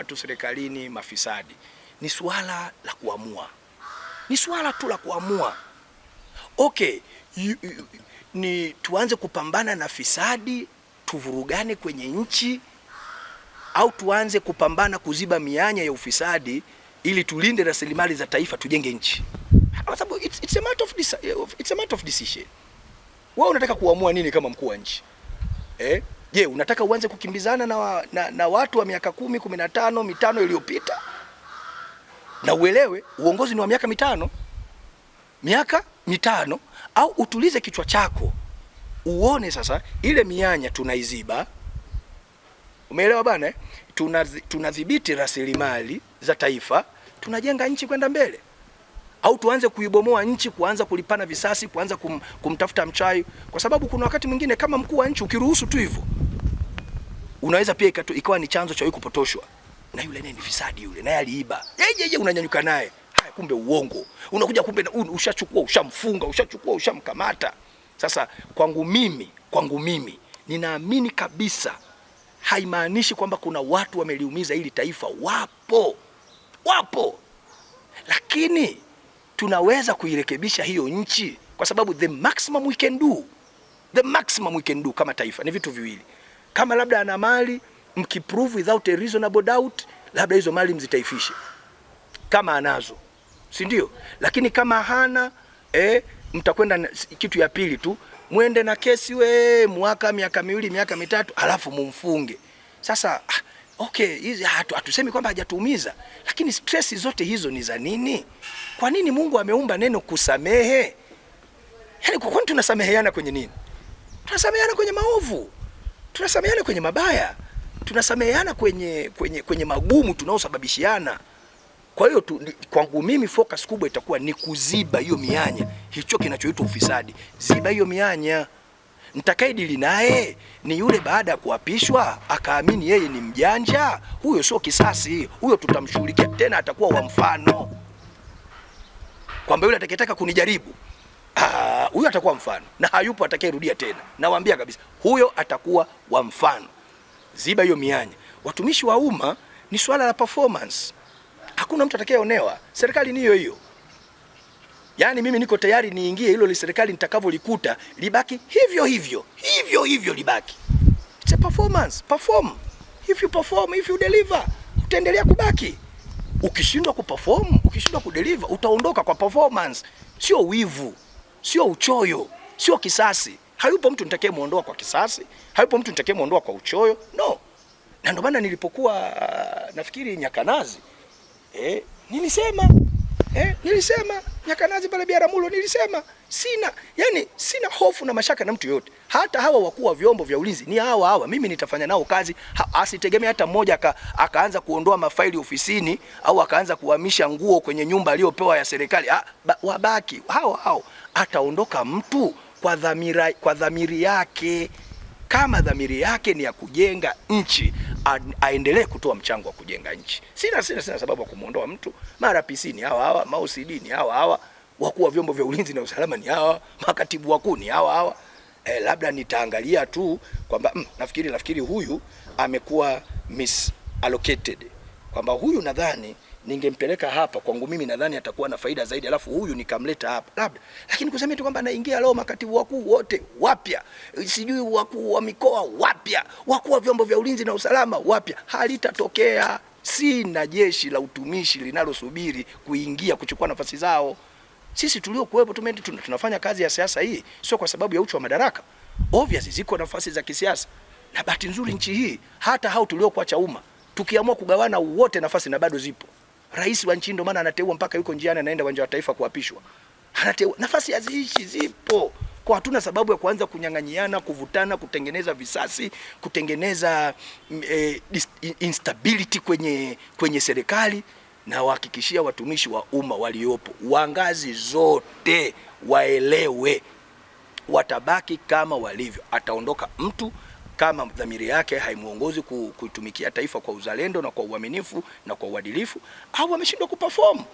watu serikalini, mafisadi. Ni suala la kuamua, ni suala tu la kuamua. Okay, ni tuanze kupambana na fisadi, tuvurugane kwenye nchi, au tuanze kupambana kuziba mianya ya ufisadi ili tulinde rasilimali za taifa, tujenge nchi? Kwa sababu it's, it's a matter of, it's a matter of decision. Wewe unataka kuamua nini kama mkuu wa nchi eh? Je, unataka uanze kukimbizana na, na, na watu wa miaka kumi, kumi na tano mitano iliyopita? Na uelewe uongozi ni wa miaka mitano, miaka mitano. Au utulize kichwa chako uone sasa ile mianya tunaiziba. Umeelewa bana? Eh? Tunadhibiti rasilimali za taifa, tunajenga nchi kwenda mbele, au tuanze kuibomoa nchi, kuanza kulipana visasi, kuanza kum, kumtafuta mchai? kwa sababu kuna wakati mwingine kama mkuu wa nchi ukiruhusu tu hivyo unaweza pia ikawa ni chanzo cha wewe kupotoshwa na yule nene, ni fisadi yule naye aliiba, yeye yeye unanyanyuka naye, haya kumbe uongo unakuja, kumbe ushachukua, ushamfunga, ushachukua, ushamkamata. Sasa kwangu mimi, kwangu mimi ninaamini kabisa, haimaanishi kwamba kuna watu wameliumiza hili taifa, wapo, wapo, lakini tunaweza kuirekebisha hiyo nchi, kwa sababu the maximum we can do, the maximum we can do kama taifa ni vitu viwili kama labda ana mali mkiprove without a reasonable doubt, labda hizo mali mzitaifishe kama anazo, si ndio? Lakini kama hana eh, mtakwenda kitu ya pili tu, mwende na kesi we mwaka miaka miwili miaka mitatu, alafu mumfunge sasa. Ah, okay, hizi hatusemi kwamba hajatuumiza, lakini stress zote hizo ni za nini? Kwa nini Mungu ameumba neno kusamehe? Yaani kwa nini tunasameheana kwenye nini? Tunasameheana kwenye maovu tunasameheana kwenye mabaya, tunasameheana kwenye kwenye kwenye magumu tunaosababishiana. Kwa hiyo tu, kwangu mimi focus kubwa itakuwa ni kuziba hiyo mianya, hicho kinachoitwa ufisadi. Ziba hiyo mianya. Nitakaye dili naye ni yule baada ya kuapishwa akaamini yeye ni mjanja, huyo sio kisasi, huyo tutamshughulikia, tena atakuwa wa mfano kwamba yule atakayetaka kunijaribu Ah, huyo atakuwa mfano na hayupo atakayerudia tena. Nawaambia kabisa, huyo atakuwa wa mfano. Ziba hiyo mianya. Watumishi wa umma ni swala la performance, hakuna mtu atakayeonewa. Serikali ni hiyo hiyo. Yaani mimi niko tayari niingie hilo li serikali nitakavyolikuta libaki hivyo hivyo hivyo hivyo libaki. It's a performance. Perform. If you perform, if you deliver, utaendelea kubaki. Ukishindwa kuperform, ukishindwa kudeliver, utaondoka kwa performance, sio wivu sio uchoyo, sio kisasi. Hayupo mtu nitakaye muondoa kwa kisasi, hayupo mtu nitakaye muondoa kwa uchoyo, no. Na ndio maana nilipokuwa ah, nafikiri Nyakanazi eh, nilisema eh, nilisema Nyakanazi pale Biaramulo nilisema sina yani, sina hofu na mashaka na mtu yoyote, hata hawa wakuu wa vyombo vya ulinzi ni hawa hawa, mimi nitafanya nao kazi ha, asitegemea hata mmoja aka, akaanza kuondoa mafaili ofisini au akaanza kuhamisha nguo kwenye nyumba aliyopewa ya serikali ha, ba, wabaki hawa hao. Ataondoka mtu kwa dhamira, kwa dhamiri yake. Kama dhamiri yake ni ya kujenga nchi aendelee kutoa mchango wa kujenga nchi. Sina, sina, sina sababu ya kumwondoa mtu. Mara PC ni hawa hawa, MAUCD ni hawa hawa wakuu wa vyombo vya ulinzi na usalama ni hawa, makatibu wakuu ni hawa hawa. E, labda nitaangalia tu kwamba mm, nafikiri nafikiri huyu amekuwa misallocated kwamba huyu nadhani ningempeleka hapa kwangu mimi nadhani atakuwa na faida zaidi, alafu huyu nikamleta hapa labda. Lakini kusema tu kwamba anaingia leo makatibu wakuu wote wapya, eh, sijui wakuu wa mikoa wapya, wakuu wa vyombo vya ulinzi na usalama wapya, halitatokea. Sina jeshi la utumishi linalosubiri kuingia kuchukua nafasi zao. Sisi tuliokuwepo tumeenda tunafanya kazi ya siasa hii, sio kwa sababu ya uchu wa madaraka. Obviously ziko nafasi za kisiasa, na bahati nzuri nchi hii hata hao tuliokuwa Chauma tukiamua kugawana wote nafasi na bado zipo. Rais wa nchi ndio maana anateua mpaka yuko njiani anaenda uwanja wa taifa kuapishwa, anateua nafasi haziishi, zipo kwa hatuna sababu ya kuanza kunyang'anyiana, kuvutana, kutengeneza visasi, kutengeneza mm, eh, instability kwenye, kwenye serikali na wahakikishia watumishi wa umma waliopo wa ngazi zote waelewe, watabaki kama walivyo. Ataondoka mtu kama dhamiri yake haimwongozi kuitumikia taifa kwa uzalendo na kwa uaminifu na kwa uadilifu, au ameshindwa kuperform